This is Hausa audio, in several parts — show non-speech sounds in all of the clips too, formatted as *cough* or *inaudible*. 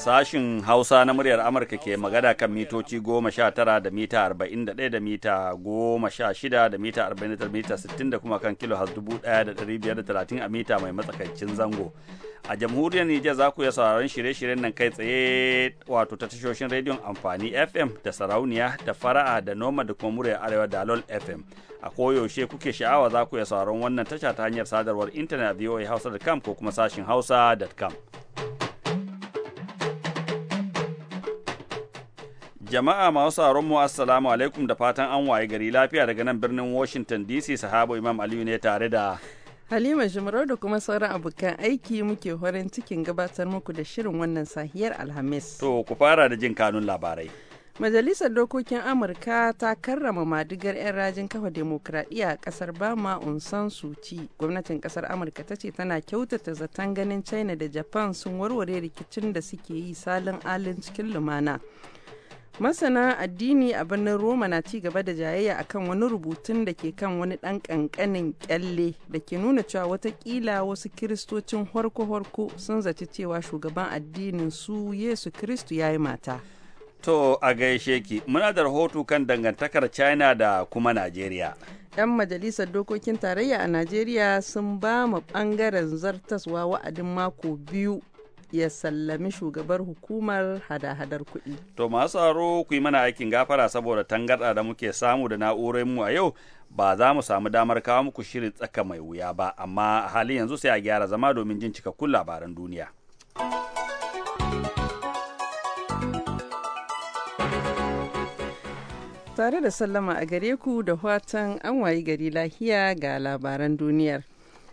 Sashin Hausa na muryar Amurka ke magana kan mitoci goma sha tara da mita arba'in da ɗaya da mita goma sha shida da mita arba'in da mita sittin da kuma kan kilo has dubu ɗaya da ɗari biyar da talatin a mita mai matsakaicin zango. A jamhuriyar Nijar za ku iya sauraron shirye-shiryen nan kai tsaye wato ta tashoshin rediyon amfani FM da sarauniya da fara'a da noma da kuma muryar arewa da lol FM. A koyaushe kuke sha'awa za ku iya sauraron wannan tasha ta hanyar sadarwar intanet hausa voahausa.com ko kuma sashin hausa.com. Jama'a masu sauraron mu assalamu alaikum da fatan an waye gari lafiya daga nan birnin Washington DC sahabo Imam Aliyu ne tare da Halima Jimarau da kuma sauran abokan aiki muke horin cikin gabatar muku da shirin wannan sahiyar Alhamis. To ku fara da jin kanun labarai. Majalisar Dokokin Amurka ta karrama madigar 'yan rajin kafa demokradiyya a kasar Bama Unsan Suci. Gwamnatin kasar Amurka ta ce tana kyautata zaton ganin China da Japan sun warware rikicin da suke yi salin alin cikin lumana. Masana addini a birnin Roma na ci gaba da jayayya akan wani rubutun da ke kan wani ɗan ƙanƙanin ƙyalle da ke nuna cewa watakila wasu kiristocin horko-horko sun zaci cewa shugaban addinin su Yesu Kiristu ya yi mata. To a gaishe ki, muna da rahoto kan dangantakar China da kuma Najeriya. 'Yan majalisar dokokin tarayya a Najeriya sun ba mu ɓangaren zartaswa wa'adin mako biyu ya sallami shugabar hukumar hada-hadar kuɗi. To masu tsaro ku yi mana aikin gafara saboda tangarɗa da muke samu da mu a yau ba za mu samu damar kawo muku shirin tsaka mai wuya ba amma a halin yanzu sai a gyara zama domin jin cikakkun labaran duniya. Tare da sallama a gare ku da watan an wayi gari lahiya ga labaran duniyar.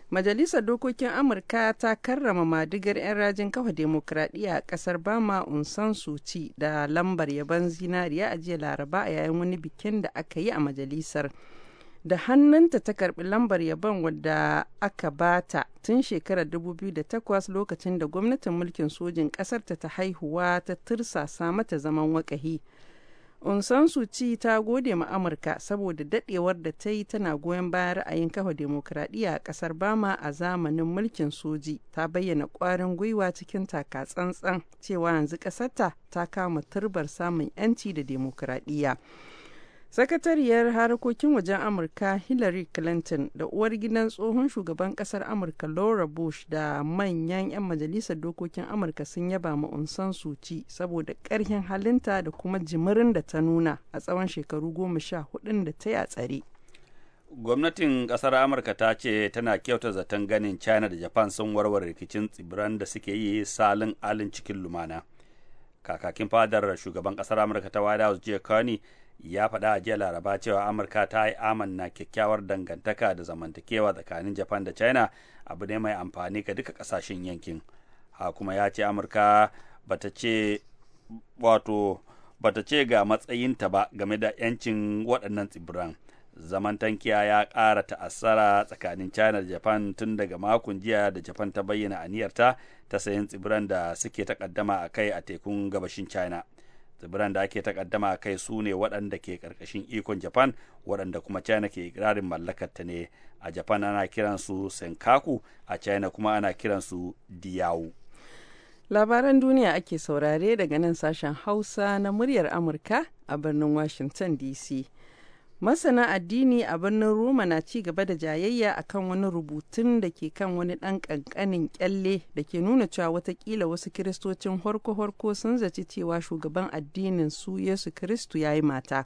Majalisar Dokokin Amurka ta karrama madigar 'yan rajin kafa demokuraɗiyya a kasar Bama Unsan Suci da lambar yaban zinariya a jiya Laraba a yayin wani bikin da aka yi a majalisar. Da hannunta ta karbi lambar yaban wadda aka bata tun shekarar 2008 lokacin da gwamnatin mulkin sojin ƙasarta ta haihuwa ta tursasa mata zaman wakahi. Unsan ci ta gode ma Amurka saboda dadewar da ta yi tana goyon bayan ra'ayin kafa demokradiyya a kasar Bama a zamanin mulkin soji, ta bayyana kwarin gwiwa cikin taka tsantsan cewa yanzu kasarta ta kama turbar samun 'yanci da demokradiyya. Sakatariyar harkokin wajen Amurka Hillary Clinton da uwar gidan tsohon shugaban kasar Amurka Laura Bush da manyan 'yan majalisar dokokin Amurka sun yaba ma Unsan Suci saboda ƙarhin halinta da kuma jimirin da ta nuna a tsawon shekaru goma sha hudun da ta tsare. Gwamnatin kasar Amurka ta ce tana kyauta zaton ganin China da Japan sun warware rikicin tsibiran da suke yi salin alin cikin lumana. Kakakin fadar shugaban kasar Amurka ta White House Jay Carney ya faɗa a jiya laraba cewa amurka ta yi amanna kyakkyawar dangantaka da zamantakewa tsakanin japan da china abu ne mai amfani ga duka ƙasashen yankin ha kuma ya ce amurka bata ce wato bata ce ga matsayinta ba game da 'yancin waɗannan tsibiran zamantankiya ya ƙara ta'assara tsakanin china da japan tun daga makon jiya da japan ta bayyana aniyarta ta sayan tsibiran da suke takaddama a kai a tekun gabashin china tsibiran da ake takaddama kai su ne waɗanda ke ƙarƙashin ikon japan waɗanda kuma china ke ikirarin mallakarta ne a japan ana kiransu senkaku a china kuma ana kiransu diyawu labaran duniya ake saurare daga nan sashen hausa na muryar amurka a birnin washington dc Masana addini a birnin Roma na ci gaba da jayayya a kan wani rubutun da ke kan wani ɗan ƙanƙanin ƙyalle da ke nuna cewa watakila wasu kiristocin horko-horko sun zaci cewa shugaban addinin su Yesu Kiristu ya yi mata.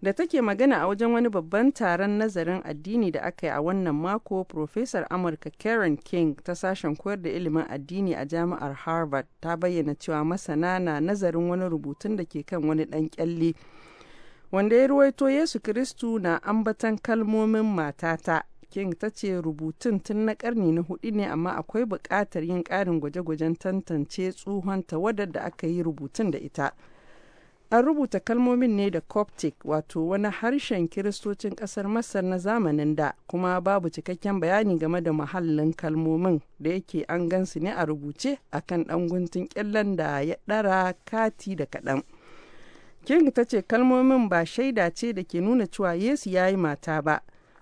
Da take magana a wajen wani babban taron nazarin addini da aka yi a wannan mako, Profesor Amurka Karen King ta sashen koyar da ilimin addini a jami'ar Harvard ta bayyana cewa masana na nazarin wani rubutun da ke kan wani ɗan ƙyalle. wanda ya ruwaito Yesu Kiristu na ambatan kalmomin matata. King ta ce rubutun tun na karni na hudu ne amma akwai buƙatar yin ƙarin gwaje-gwajen tantance tsohon wadar da aka yi rubutun da ita. An rubuta kalmomin ne da Coptic wato wani harshen kiristocin ƙasar Masar na zamanin da kuma babu cikakken bayani game da muhallin kalmomin da yake an gansu ne a rubuce akan ɗan guntun ƙyallen da ya ɗara kati da kaɗan. King ta ce kalmomin ba shaida ce da ke nuna cewa Yesu ya yi mata ba,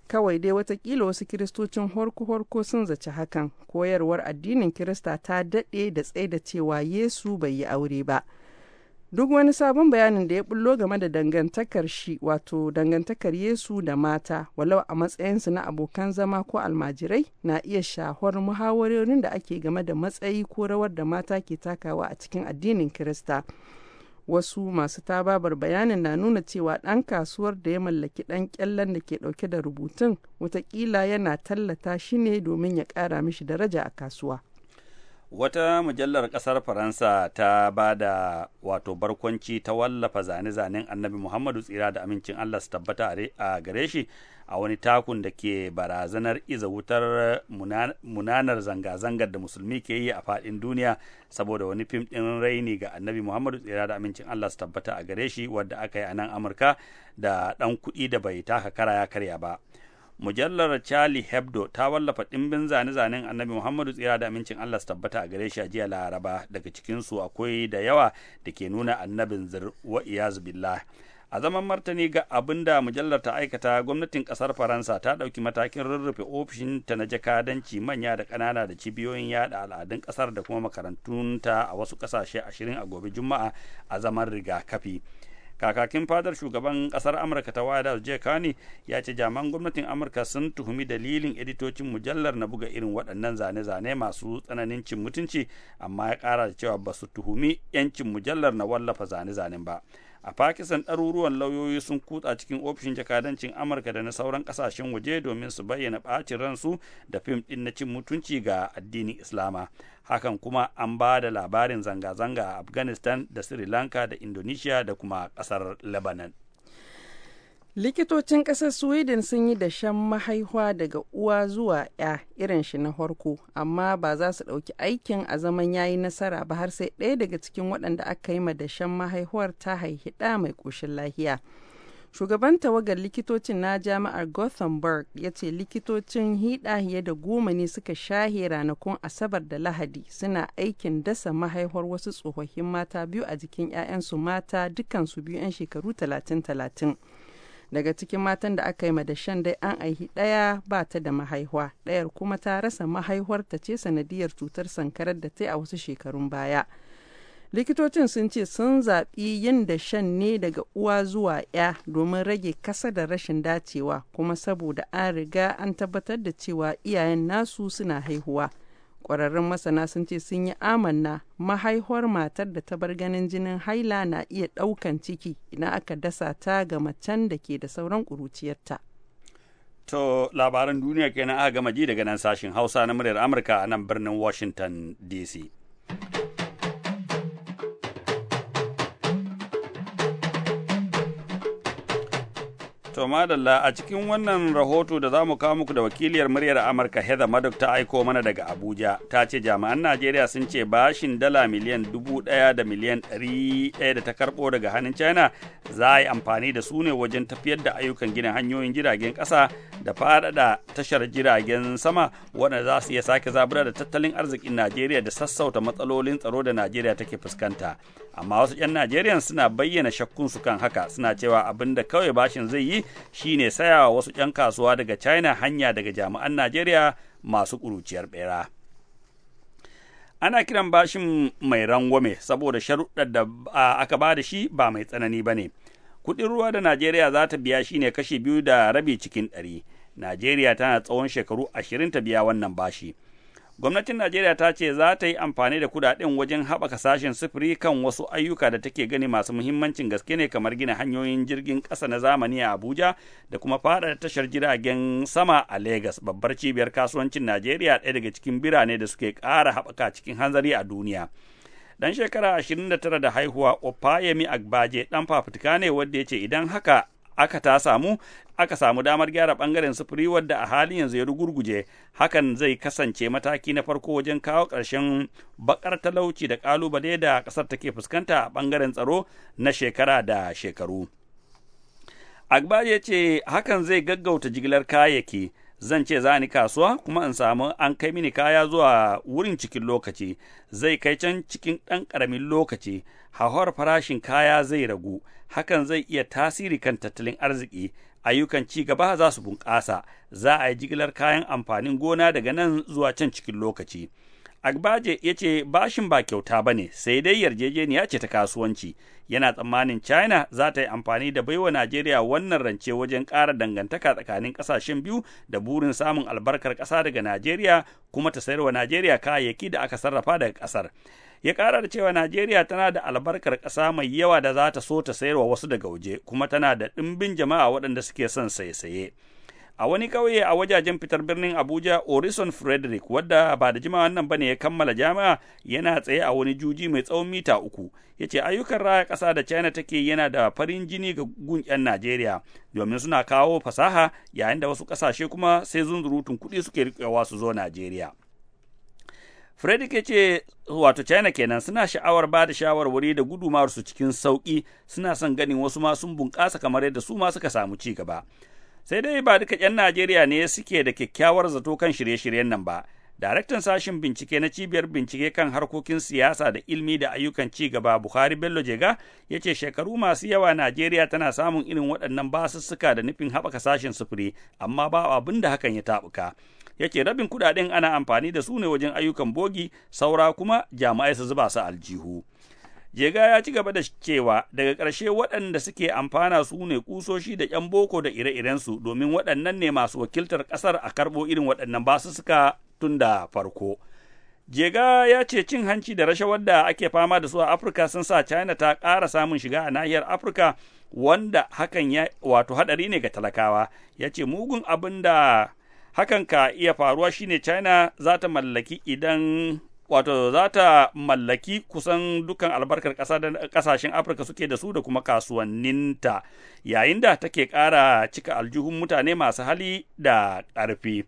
kawai dai watakila wasu kiristocin horko-horko sun zaci hakan, koyarwar addinin Kirista ta daɗe da tsaida cewa Yesu bai yi aure ba. Duk wani sabon bayanin da ya bullo game da dangantakar shi wato dangantakar Yesu da mata, walau a matsayinsu na abokan zama ko almajirai na iya shahwar muhawarorin da ake game da matsayi ko rawar da mata ke takawa a cikin addinin Kirista. wasu masu tababar bayanin na nuna cewa ɗan kasuwar da ya mallaki ɗan ƙyallen da ke ɗauke da rubutun watakila yana tallata shi ne domin ya ƙara mishi daraja a kasuwa wata mujallar ƙasar faransa ta ba da wato barkwanci ta wallafa zane-zanen annabi muhammadu tsira da amincin allah su tabbata a gare shi a wani takun da ke barazanar iza wutar munanar zanga-zangar da musulmi ke yi a faɗin duniya saboda wani fim ɗin raini ga annabi muhammadu tsira da amincin allah su tabbata a gare shi wadda aka yi a nan amurka da ɗan kuɗi da bai taka kara ya karya ba mujallar Charlie Hebdo ta wallafa ɗimbin zane-zanen annabi Muhammadu tsira da amincin Allah su tabbata a gare shi a jiya Laraba daga cikinsu akwai da yawa da ke nuna annabin zir wa iyazu billah. A zaman martani ga abin da mujallar ta aikata gwamnatin ƙasar Faransa ta ɗauki matakin rurrufe ofishin ta na jakadanci manya da ƙanana da cibiyoyin yada al'adun ƙasar da kuma makarantunta a wasu kasashe ashirin a gobe Juma'a a zaman rigakafi. kakakin fadar shugaban kasar amurka ta wada house jay ya ce jaman gwamnatin amurka sun tuhumi dalilin editocin mujallar na buga irin waɗannan zane-zane masu tsananin cin mutunci amma ya kara da cewa ba su tuhumi 'yancin mujallar na wallafa zane-zanen ba a pakistan ɗaruruwan lauyoyi sun kutsa cikin ofishin jakadancin amurka da na sauran ƙasashen waje domin su bayyana ɓacin ransu da fim ɗin na cin mutunci ga addinin islama hakan kuma an ba da labarin zanga-zanga a afghanistan da sri lanka da indonesia da kuma ƙasar lebanon likitocin ƙasar sweden sun yi dashen mahaihuwa daga uwa zuwa ya irin shi na farko amma ba za su ɗauki aikin a zaman ya yi nasara ba har sai ɗaya daga cikin waɗanda aka yi ma dashen mahaihuwar ta haihi ɗa mai ƙoshin lahiya shugaban tawagar likitocin na jami'ar gothenburg ya ce likitocin hiɗa da goma ne suka shahe ranakun asabar da lahadi suna aikin dasa mahaihuwar wasu tsofaffin mata biyu a jikin 'ya'yansu mata dukansu biyu 'yan shekaru talatin talatin daga cikin matan da aka yi ma madashan dai an aihi ɗaya ba ta da mahaihuwa ɗayar kuma ta rasa ta ce sanadiyar cutar sankarar da ta yi a wasu shekarun baya likitocin sun ce sun zaɓi yin da shan ne daga uwa zuwa ya domin rage kasa da rashin dacewa kuma saboda an riga an tabbatar da cewa iyayen nasu suna haihuwa kwararrun masana sun ce sun yi amanna mahaihuwar matar da ta bar ganin jinin haila na iya ɗaukan ciki idan aka dasa ta ga macen da ke da sauran kuruciyarta. To labaran duniya kenan aka gama ji daga nan sashen Hausa na muryar Amurka a nan birnin Washington DC. To madalla a cikin wannan rahoto da za mu kawo muku da wakiliyar muryar Amurka Heather Maddox ta aiko mana daga Abuja ta ce jami'an Najeriya sun ce bashin dala miliyan dubu ɗaya da miliyan ɗari ɗaya da ta karɓo daga hannun China za a yi amfani da su ne wajen tafiyar da ayyukan gina hanyoyin jiragen kasa da faɗaɗa tashar jiragen sama waɗanda za su iya sake zabura da tattalin arzikin Najeriya da sassauta matsalolin tsaro da Najeriya take fuskanta. Amma wasu 'yan Najeriya suna bayyana shakkunsu kan haka suna cewa abin da kawai bashin zai yi Shi ne saya wasu 'yan kasuwa daga China hanya daga jami'an Najeriya masu ƙuruciyar ɓera. ana kiran bashin mai rangwame saboda sharuɗar da aka ba da shi ba mai tsanani ba ne kuɗin ruwa da najeriya za ta biya shine kashi biyu da rabi cikin ɗari najeriya tana tsawon shekaru ashirin ta biya wannan bashi Gwamnatin Najeriya ta ce za ta yi amfani da kudaden wajen haɓaka sashen sufuri kan wasu ayyuka da take gani masu muhimmancin gaske ne kamar gina hanyoyin jirgin ƙasa na zamani a Abuja da kuma faɗaɗa tashar jiragen sama a Legas, babbar cibiyar kasuwancin Najeriya ɗaya daga cikin birane da suke ƙara haɓaka cikin hanzari a duniya. Dan shekara 29 da haihuwa Opayemi Agbaje ɗan fafutuka ne wanda ya ce idan haka aka ta samu aka samu damar gyara bangaren sufuri wadda a halin yanzu ya rugurguje hakan zai kasance mataki na farko wajen kawo ƙarshen bakar talauci da ƙalubale da ƙasar take fuskanta a bangaren tsaro na shekara da shekaru agba ya ce hakan zai gaggauta jigilar kayayyaki zan ce za ni kasuwa kuma in samu an kai mini kaya zuwa wurin cikin lokaci zai kai can cikin ɗan ƙaramin lokaci hauhawar farashin kaya zai ragu hakan zai iya tasiri kan tattalin arziki ayyukan ci gaba za su bunƙasa za a yi jigilar kayan amfanin gona daga nan zuwa can cikin lokaci Agbaje ya ce bashin ba kyauta ba ne sai dai yarjejeniya ce ta kasuwanci yana tsammanin China za ta yi amfani da baiwa Najeriya wannan rance wajen ƙara dangantaka tsakanin ƙasashen biyu da burin samun albarkar ƙasa daga Najeriya kuma ta sayarwa Najeriya kayayyaki da aka sarrafa daga ƙasar. ya ƙara da cewa Najeriya tana da albarkar ƙasa mai yawa da za ta so ta sayarwa wasu daga waje kuma tana da ɗimbin jama'a waɗanda suke son saye-saye. A wani ƙauye a wajajen fitar birnin Abuja, Orison Frederick, wadda ba da jima wannan bane ya kammala jami'a, yana tsaye a wani juji mai tsawon mita uku. Ya ce ayyukan raya ƙasa da China take yana da farin jini ga gunƙen Najeriya, domin suna kawo fasaha yayin da wasu ƙasashe kuma sai zunzurutun kuɗi suke riƙewa su zo Najeriya. Freddy ke ce wato China kenan suna sha'awar ba da shawarwari da gudumawar su cikin sauki suna son ganin wasu ma sun bunƙasa kamar yadda su ma suka samu ci gaba. Sai dai ba duka 'yan Najeriya ne suke da kyakkyawar zato kan shirye-shiryen nan ba. Daraktan sashen bincike na cibiyar bincike kan harkokin siyasa da ilmi da ayyukan ci gaba Buhari Bello Jega ya ce shekaru masu yawa Najeriya tana samun irin waɗannan basussuka da nufin haɓaka sashen sufuri amma ba abin da hakan ya taɓuka. Ya ce rabin kuɗaɗen ana amfani da su ne wajen ayyukan bogi saura kuma jama'ai su zuba su aljihu. Jega ya ci gaba da cewa daga ƙarshe waɗanda suke amfana su ne kusoshi da ƴan boko da ire-irensu domin waɗannan ne masu wakiltar ƙasar a karɓo irin waɗannan basussuka tun da farko. Jega ya ce cin hanci da rashawar da ake fama da su a Afirka sun sa China ta ƙara samun shiga a nahiyar Afirka wanda hakan ya wato haɗari ne ga talakawa. Ya ce mugun abin da hakan ka iya faruwa shine China za ta mallaki idan wato za ta mallaki kusan dukan albarkar ƙasashen afirka suke da su da kuma kasuwanninta yayin da take ƙara cika aljihun mutane masu hali da ƙarfi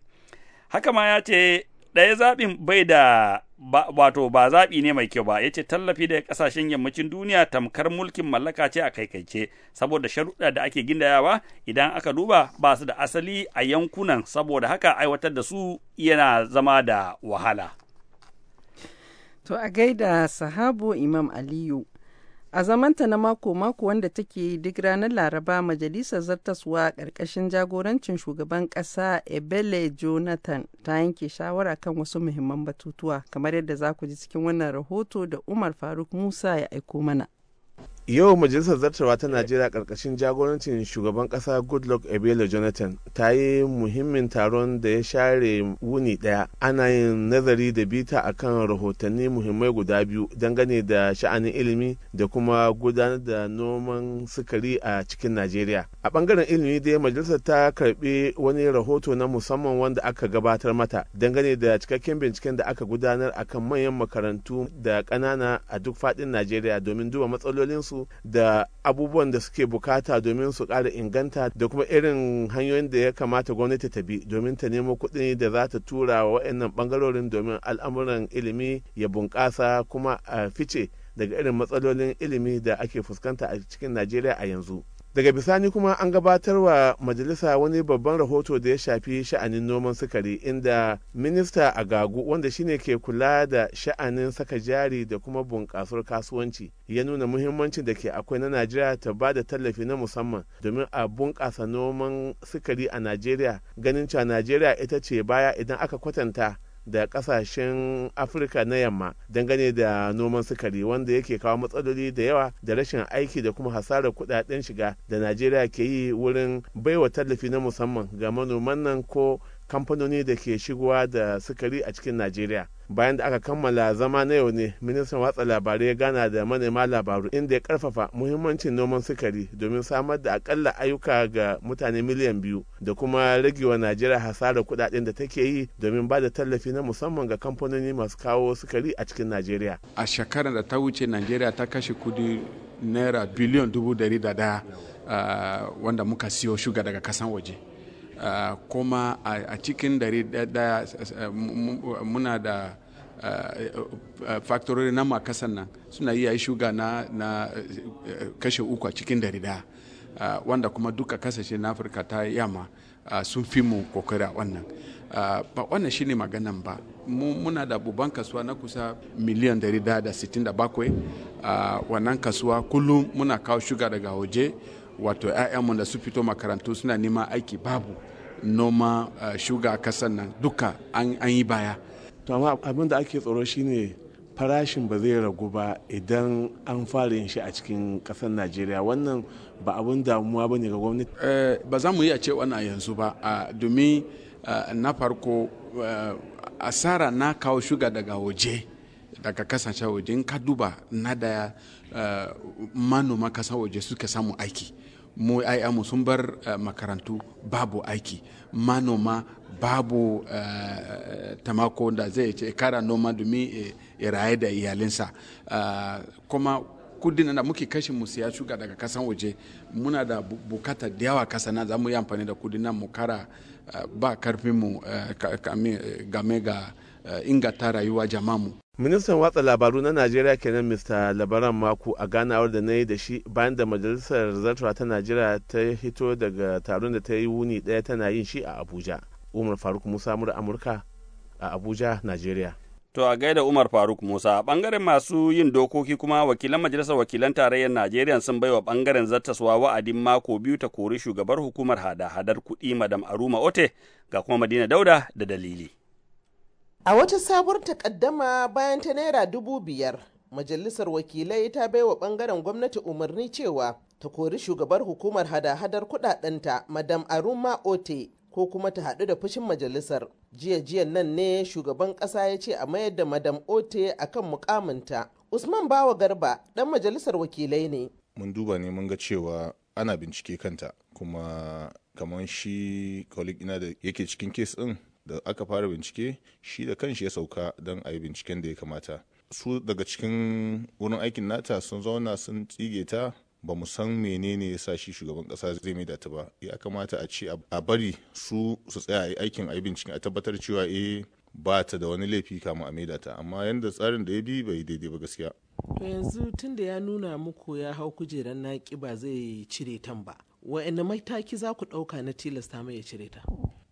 haka ma ya ce ɗaya zaɓin bai da wato ba zaɓi ne mai kyau ba ya ce tallafi da ƙasashen yammacin duniya tamkar mulkin mallaka ce a kaikaice saboda sharuɗa da ake gindayawa idan aka duba ba su da asali a yankunan saboda haka aiwatar da su yana zama da wahala. To a gaida sahabu Imam Aliyu A zamanta na mako-mako wanda take yi duk ranar Laraba majalisar zartaswa ƙarƙashin jagorancin shugaban ƙasa Ebele Jonathan ta yanke shawara kan wasu muhimman batutuwa kamar yadda za ku ji cikin wannan rahoto da Umar Faruk Musa ya aiko mana. yau majalisar zartarwa ta najeriya karkashin jagorancin shugaban kasa goodluck ebele jonathan ta yi muhimmin taron da ya share wuni daya ana yin nazari da bita akan rahotanni muhimmai guda biyu dangane da sha'anin ilimi da kuma gudanar da noman sukari a cikin najeriya a bangaren ilimi dai majalisar ta karbi wani rahoto na musamman wanda aka gabatar mata dangane da cikakken binciken da aka gudanar akan manyan makarantu da ƙanana a duk faɗin najeriya domin duba matsalolinsu da abubuwan da suke bukata domin su kara inganta da kuma irin hanyoyin da ya kamata gwamnati ta bi domin ta nemo kuɗi da za ta tura wa waɗannan bangarorin domin al'amuran ilimi ya bunƙasa kuma a fice daga irin matsalolin ilimi da ake fuskanta a cikin najeriya a yanzu daga bisani kuma an gabatar wa majalisa wani babban rahoto da ya shafi sha'anin noman sukari inda minista agagu wanda shine ke kula da sha'anin saka jari da kuma bunƙasar kasuwanci ya nuna muhimmancin da ke akwai na najeriya ta ba da tallafi na musamman domin a bunƙasa noman sukari a najeriya ganin cewa najeriya ita ce baya idan aka kwatanta da kasashen afirka na yamma dangane da noman sukari wanda yake kawo matsaloli da yawa da rashin aiki da kuma hasarar kudaden shiga da najeriya ke yi wurin baiwa tallafi na musamman ga manoman nan ko kamfanoni da ke shigowa da sukari a cikin najeriya bayan da aka kammala zama na yau ne ministan watsa labarai ya gana da manema labaru inda ya karfafa muhimmancin noman sukari domin samar da akalla ayyuka ga mutane miliyan biyu da kuma ragewa najeriya hasarar kudaden da take yi domin ba da tallafi na musamman ga kamfanoni masu kawo sukari a cikin najeriya a shekarar da ta wuce najeriya ta kashe kudi naira biliyan dubu dari da daya ah, wanda muka siyo shuga daga kasan waje kuma a cikin dari daya muna da faktorori na makasan nan suna iya yi shuga na kashe uku a cikin dari daya wanda kuma duka kasashe na afirka ta yamma sun fi mu kokari a wannan ba wannan shine maganan ba muna da babban kasuwa na kusa miliyan 167 wannan kasuwa kullum muna kawo shuga daga waje wato 'ya'yanmu da su fito makarantu suna neman aiki babu noma eh, shuga a kasan nan duka an yi baya to amma abin da ake tsoro shine farashin ba zai ragu ba idan an fara yin shi a cikin kasar najeriya wannan ba abin damuwa ba ne ga gwamnati eh, ba za mu yi a ce wannan yanzu ba domin eh, na farko asara na kawo shuga daga waje daga kasashen waje in ka duba na da eh, manoma kasan waje suka samu aiki mu mu sun bar eh, makarantu babu aiki manoma babu eh, tamako da zai ce kara noma domin iraye da iyalinsa kuma kudin da muke kashe mu siya shuka daga kasan waje muna da bukata da yawa kasa na zamu yi amfani da kudin mu kara ba karfin mu game ga inganta rayuwa jama'a mu ministan watsa labaru na najeriya kenan mr labaran mako a ganawar da na yi da shi bayan da majalisar zartawa ta najeriya ta hito daga taron da ta yi wuni daya tana yin shi a abuja umar faruk musa mura amurka a abuja najeriya To a gaida Umar Faruk Musa, bangaren masu yin dokoki kuma wakilan Majalisar Wakilan Tarayyar Najeriya sun baiwa bangaren zartaswa wa'adin mako biyu ta kori shugabar hukumar hada-hadar kuɗi Madam Aruma Ote ga kuma Madina Dauda da dalili. A wata sabuwar takaddama bayan ta Naira dubu biyar, Majalisar Wakilai ta baiwa bangaren gwamnati umarni cewa ta kori shugabar hukumar hada-hadar kudadenta Madam Aruma Ote ko kuma ta haɗu da fushin majalisar. Jiya jiyan nan ne shugaban ƙasa ya ce a mayar da Madam Ote akan mukaminta. Usman Bawa Garba ɗan majalisar wakilai ne. Mun duba ne mun ga cewa ana bincike kanta kuma kamar shi colleague ina da yake cikin kes ɗin da aka fara bincike shi da kanshi ya sauka don a yi binciken da ya kamata su daga cikin wurin aikin nata sun zauna sun tsige ta ba mu san menene ya sa shi shugaban kasa zai mai ta ba ya kamata a ce a bari su su tsaya a aikin a yi binciken a tabbatar cewa eh ba ta da wani laifi kama a maida ta amma yadda tsarin da ya bi bai daidai ba gaskiya to yanzu tun da ya nuna muku ya hau kujerar naki ba zai cire tan ba wa'anne mataki za ku ɗauka na tilasta mai ya cire ta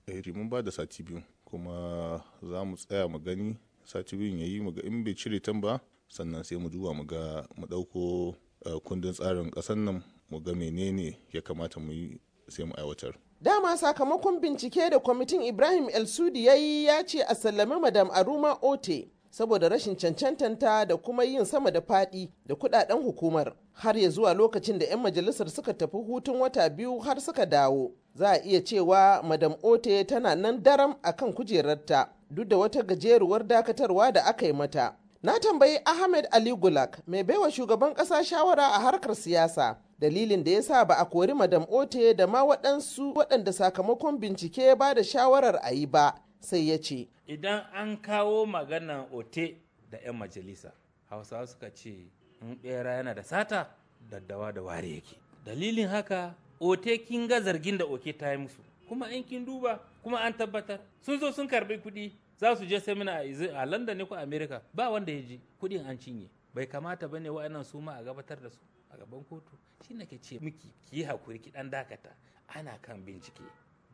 iri eh mun ba da sati biyu kuma za mu tsaya mu gani sati biyun ya yi mu ga in bai cire tan ba sannan sai mu duba mu ga mu ɗauko eh, kundin tsarin ƙasar nan mu ga menene ya kamata mu yi sai mu aiwatar. Dama sakamakon bincike da kwamitin Ibrahim El Sudi ya yi ya ce a sallami Madam Aruma Ote saboda rashin cancantanta da kuma yin sama da fadi da kudaden hukumar har ya zuwa lokacin da 'yan majalisar suka tafi hutun wata biyu har suka dawo. za a iya cewa madam ote tana nan daram akan kujerarta duk da wata gajeruwar dakatarwa da aka yi mata na tambayi ahmed ali gulak mai baiwa shugaban kasa shawara a harkar siyasa dalilin da ya sa ba a kori madam ote da ma waɗansu waɗanda sakamakon bincike ba da shawarar a yi ba sai ya ce idan an kawo maganan ote da 'yan majalisa hausawa suka ce in bera yana da sata daddawa da ware yake dalilin haka ote kin ga zargin da oke ta yi musu kuma in kin duba kuma an tabbatar sun zo sun karbi kuɗi za su je semina a A london ne ko america ba wanda ya ji kuɗin an cinye bai kamata bane wa'annan su ma a gabatar da su a gaban kotu shi na ke ce miki ki yi hakuri ki dan dakata ana kan bincike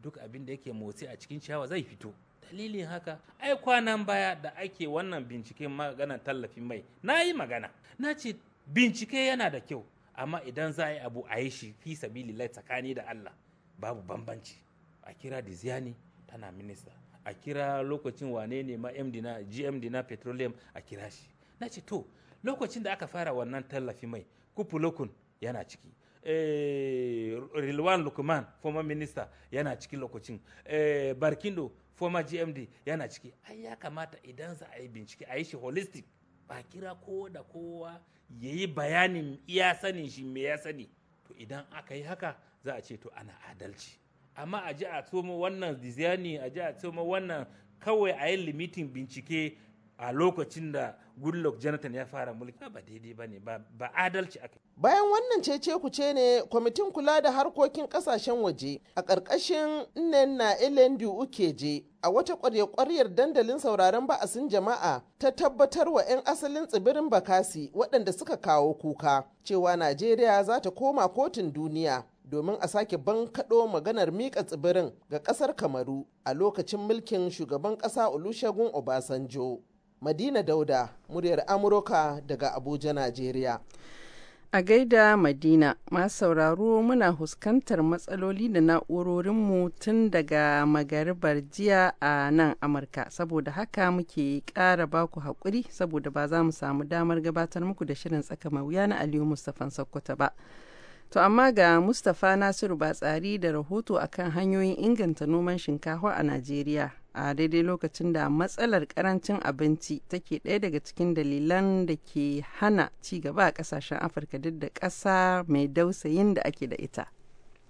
duk abin da yake motsi a cikin ciyawa zai fito dalilin haka ai kwanan baya da ake wannan binciken maganan tallafin mai na yi magana na ce bincike yana da kyau amma idan za a yi abu a yi shi fi lai tsakani da Allah babu bambanci a kira Diziani tana minista a kira lokacin wane ne ma MD na GMD na petroleum a kira shi na ce to lokacin da aka fara wannan tallafi mai kupulokun yana ciki eh, Rilwan Lukman, former minister, yana ciki lokacin. Eh, Barkindo, former GMD, yana ciki. Ai ya kamata idan za a yi bincike a yi shi holistic. Ba kira kowa da kowa ya yi bayanin iya sanin shi me ya sani to idan aka yi haka za a ce to ana adalci amma a ji a tsoma wannan dizani a ji a tsoma wannan kawai a yi limitin bincike a lokacin da goodluck jonathan ya fara mulki ba daidai ba ne ba adalci aka bayan wannan cece ku ce ne kwamitin kula da harkokin kasashen waje a ƙarƙashin nnen na elendi ukeje a wata ƙwarya-ƙwaryar dandalin sauraron ba'asin jama'a ta tabbatar wa 'yan asalin tsibirin bakasi waɗanda suka kawo kuka cewa najeriya za ta koma kotun duniya domin a sake bankaɗo maganar miƙa tsibirin ga ƙasar kamaru a lokacin mulkin shugaban ƙasa olusegun obasanjo Madina Dauda, muryar Amurka daga Abuja, Najeriya. A gaida Madina, masu sauraro muna huskantar matsaloli da na'urorinmu tun daga magaribar jiya a nan Amurka, saboda haka muke ƙara baku haƙuri saboda ba za mu samu damar gabatar muku da shirin tsaka mawuya na Aliyu mustafan Sokoto ba. To amma ga Mustapha Nasiru Batsari da rahoto akan hanyoyin inganta noman shinkafa a Najeriya a daidai lokacin da matsalar karancin abinci take ɗaya daga cikin dalilan da ke hana ci gaba a ƙasashen Afirka duk da ƙasa mai dausayin da ake da ita.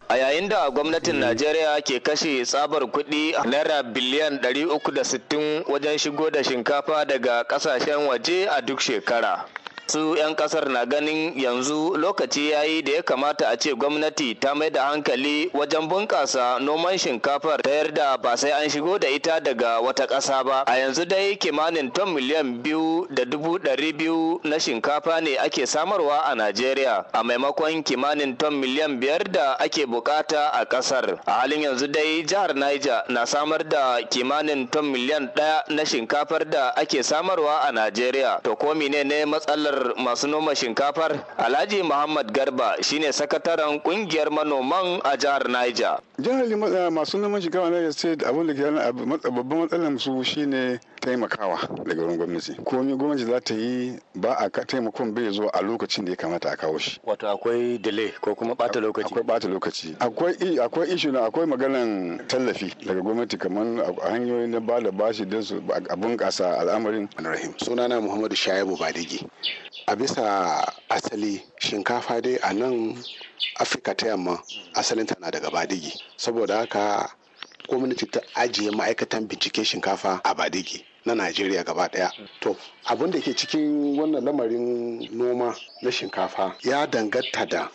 A yayin da gwamnatin mm. Najeriya ke kashe tsabar kuɗi a naira biliyan 360 wajen shigo da shinkafa daga ƙasashen waje a duk shekara. Su 'yan kasar na ganin yanzu lokaci ya yi da ya kamata a ce gwamnati ta mai da hankali wajen bunƙasa noman shinkafar ta yarda ba sai an shigo da ita daga wata ƙasa ba. A yanzu dai kimanin ton miliyan biyu da dubu ɗari biyu na shinkafa ne ake samarwa a Najeriya a maimakon kimanin ton miliyan biyar da ake bukata a ƙasar. A halin yanzu dai jihar Niger na samar da kimanin ton miliyan ɗaya na shinkafar da ake samarwa a Najeriya. To ko ne matsalar kungiyar masu noma shinkafar Alhaji Muhammad Garba shine sakataren kungiyar manoman a jihar Niger. Jihar eh, masu noman shinkafa na Niger State abin da ke babban matsalar su shine taimakawa daga wurin gwamnati. Komi gwamnati za ta yi ba a taimakon bai zo a lokacin da ya kamata a kawo shi. Wato akwai delay ko kuma bata lokaci. Akwai bata lokaci. Akwai akwai ishu na akwai maganan tallafi daga gwamnati kamar hanyoyin na ba da bashi don su a bunƙasa al'amarin. Sunana Muhammadu shayabu Badigi. a bisa asali shinkafa dai a nan afirka ta yamma asalin tana daga badigi saboda haka gwamnati ta ajiye ma'aikatan bincike shinkafa a badigi na najeriya gaba daya to abin da ke cikin wannan lamarin noma na shinkafa ya danganta da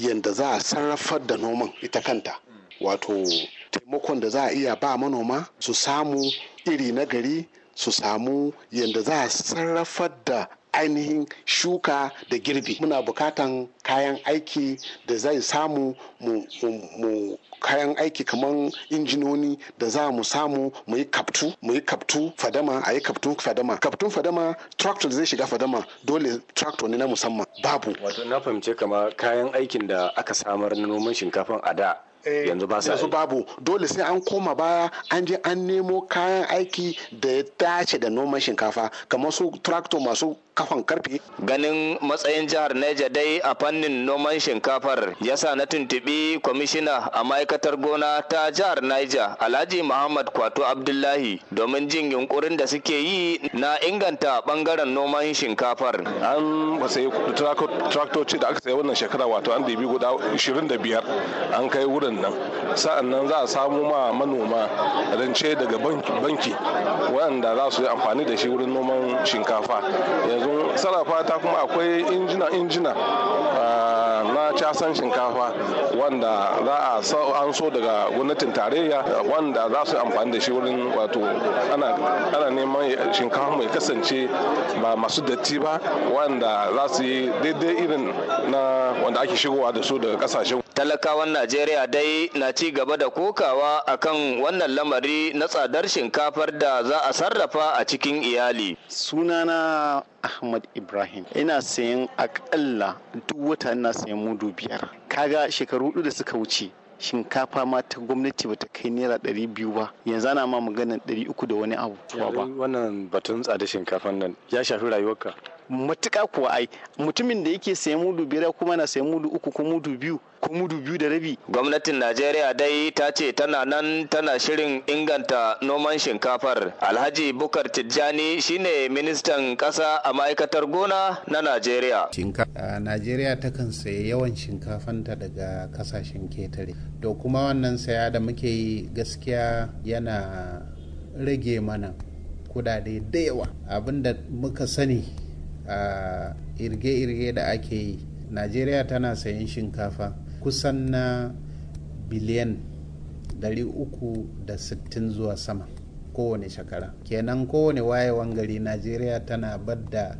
yadda za a sarrafar da noman ita kanta wato taimakon da za a iya ba manoma su samu iri na gari su samu yadda za a sarrafar da ainihin shuka da girbi muna bukatan kayan aiki da zai samu mu kayan aiki kamar injinoni da za mu samu mu yi kaptu mu yi kaptu fadama a yi kaptu fadama kaptun fadama tractor zai shiga fadama dole tractor ne na musamman babu wato na fahimce kama kayan aikin da aka samar na noman shinkafan a da eh, yanzu ba sa yanzu babu dole sai an koma baya an je an nemo kayan aiki da ya dace da noman shinkafa kamar su tractor masu kafan karfe. Ganin matsayin jihar Niger dai a fannin noman shinkafar yasa na tuntuɓi kwamishina a ma'aikatar gona ta jihar Niger Alhaji Muhammad Kwato Abdullahi domin jin yunkurin da suke yi na inganta bangaren noman shinkafar. An sayi traktoci da aka sayi wannan shekara wato an ɗibi guda 25 an kai wurin nan. sa'annan za a samu ma manoma rance daga banki wanda za su yi amfani da shi wurin noman shinkafa. yanzu sarrafa ta kuma akwai injina injina ah, na casan shinkafa wanda za a an so daga gwamnatin tarayya wanda za su amfani da shi wurin wato ana neman shinkafa mai kasance ba masu datti ba wanda za su yi daidai irin na wanda ake shigowa da su daga kasashen Talakawan Najeriya dai na ci gaba da kokawa akan wannan lamari na tsadar shinkafar da za a sarrafa a cikin iyali. Sunana Ahmad Ibrahim ina sayan akalla duk wata ina sayan mudu biyar. Kaga shekaru hudu da suka wuce shinkafa ma ta gwamnati bata kai naira ɗari biyu ba yanzu ana ma maganar ɗari uku da wani abu. Wannan batun tsada shinkafan nan ya shafi rayuwarka. matuƙa kuwa ai mutumin da yake sayan mudu biyar kuma na sayan mudu uku ko mudu biyu ko mudu biyu da rabi gwamnatin najeriya dai ta ce tana nan tana shirin inganta noman shinkafar alhaji bukar tijjani shine ministan ƙasa a ma'aikatar gona na najeriya najeriya takan saye yawan shinkafanta daga ƙasashen ketare to kuma wannan saya da muke yi gaskiya yana rage mana kudade da yawa abinda muka sani a irge-irge da ake yi najeriya tana sayan shinkafa kusan na biliyan 360 zuwa sama kowane shekara kenan kowane wayewan gari najeriya tana da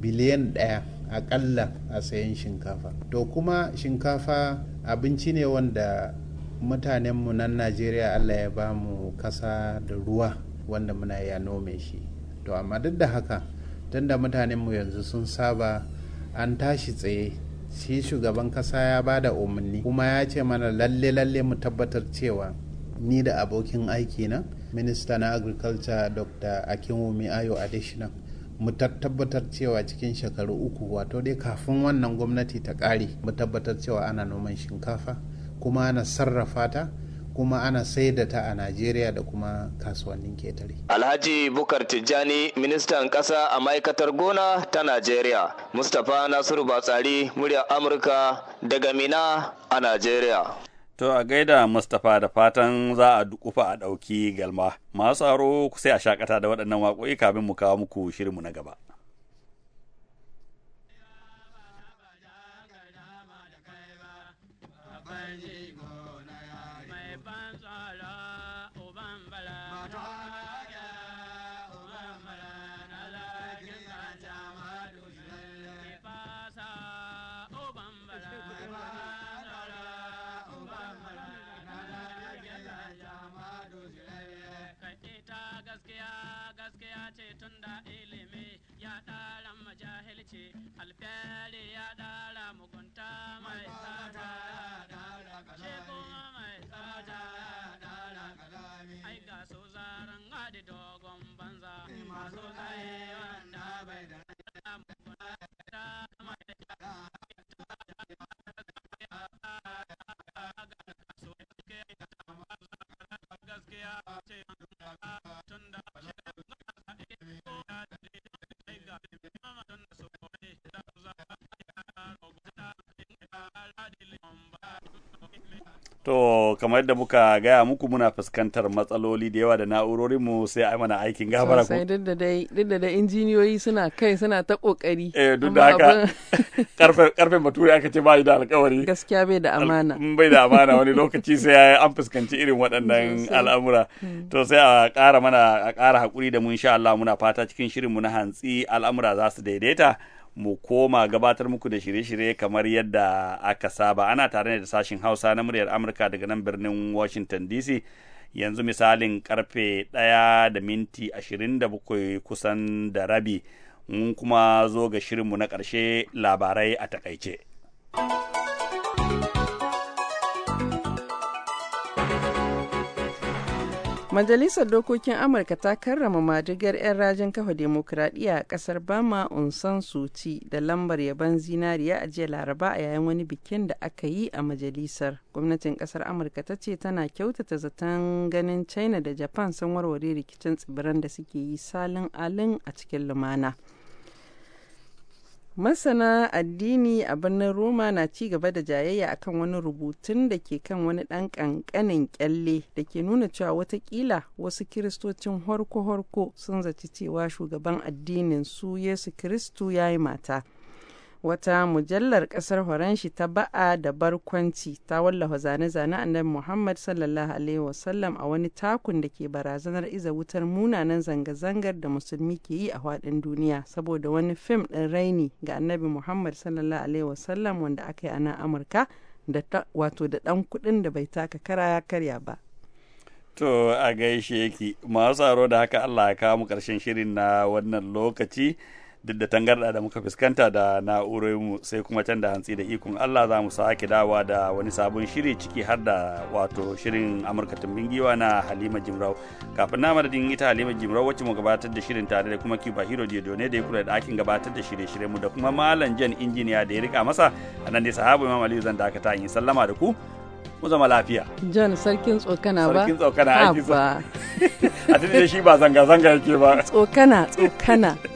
biliyan daya akalla a sayan shinkafa to kuma shinkafa abinci ne wanda mutanenmu nan najeriya allah ya ba mu kasa da ruwa wanda muna ya nome shi to amma duk da haka tunda mutanenmu yanzu sun saba an tashi tsaye shi shugaban kasa ya ba da umarni kuma ya ce mana lalle lalle mu tabbatar cewa ni da abokin aiki na minista na agriculture dr akinwumi ayo adishina mu tabbatar cewa cikin shekaru uku wato dai kafin wannan gwamnati ta ƙare mu tabbatar cewa ana noman shinkafa kuma ana sarrafa ta kuma ana saida ta a Najeriya da kuma kasuwannin ketare. Alhaji Bukar Tijjani ministan ƙasa a ma'aikatar gona ta Najeriya. Mustapha Nasiru Batsari muryar Amurka daga Mina a Najeriya. To a gaida Mustapha da fatan za a dukufa a ɗauki galma. Masu tsaro sai a shakata da waɗannan waƙoƙi kafin mu kawo muku shirinmu na gaba. ce alfiyari ya ɗara mugunta mai tsada she kuma mai tsada ai ga su zaren adi dogon banza masu tsaye wanda bai da mugunta mai tsada gaskiya ce tun da To, kamar yadda muka gaya muku muna fuskantar matsaloli da yawa da na'urorinmu sai a mana aikin gabara ku. duk da da injiniyoyi suna kai suna ta kokari. Eh, duk da haka karfe *laughs* bature aka ce bai da alkawari. Gaskiya bai da amana. Mm, bai da amana wani lokaci sai an fuskanci irin waɗannan al'amura. Hmm. To sai a ƙara mana a ƙara haƙuri da mu insha Allah muna fata cikin shirin mu na hantsi al'amura za su daidaita. mu koma gabatar muku da shirye-shirye kamar yadda aka saba ana tare da sashin hausa na muryar amurka daga nan birnin washington dc yanzu misalin karfe ɗaya da minti ashirin da bakwai kusan da rabi mun kuma zo ga shirinmu na ƙarshe labarai a takaice. Majalisar Dokokin Amurka ta karrama madigar 'yan rajin kafa demokuraɗiyya a ƙasar Bama Unsan Suci da lambar yaban zinariya a jiya Laraba a yayin wani bikin da aka yi a majalisar. Gwamnatin ƙasar Amurka ta ce tana kyautata zaton ganin China da Japan sun warware rikicin tsibiran da suke yi salin alin a cikin lumana. Masana addini a birnin Roma na ci gaba da jayayya akan wani rubutun da ke kan wani ɗan ƙanƙanin ƙyalle da ke nuna cewa watakila wasu kiristocin horko-horko sun zaci cewa shugaban addinin su Yesu Kiristu ya yi mata. Wata mujallar ƙasar Faranshi ta ba'a da barkwanci ta wallafa zane zane Annabi Muhammad sallallahu Alaihi wasallam a wani takun da ke barazanar iza wutar munanan zanga-zangar da musulmi ke yi a faɗin duniya saboda wani fim ɗin raini ga Annabi Muhammad sallallahu Alaihi wasallam wanda aka yi a nan Amurka da wato da ɗan kuɗin da bai taka kara ya karya ba. To a gaishe ki masu tsaro da haka Allah ya kawo mu ƙarshen shirin na wannan lokaci. duk da tangarɗa da muka fuskanta da na'urorinmu sai kuma can da hantsi da ikon Allah za mu sake dawa da wani sabon shiri ciki har da wato shirin Amurka tumbin giwa na Halima Jimrau kafin na madadin ita Halima Jimrau wacce mu gabatar da shirin tare da kuma Kiba Hero Jedo da ya kula da ɗakin gabatar da shirye-shiryen mu da kuma Malam Jan injiniya da ya rika masa a nan dai sahabu Imam Aliyu zan dakata in sallama da ku mu zama lafiya. Jan sarkin tsokana ba? Sarkin tsokana ake ba. *laughs* A tun shi ba zanga-zanga yake ba. Tsokana, tsokana. *laughs*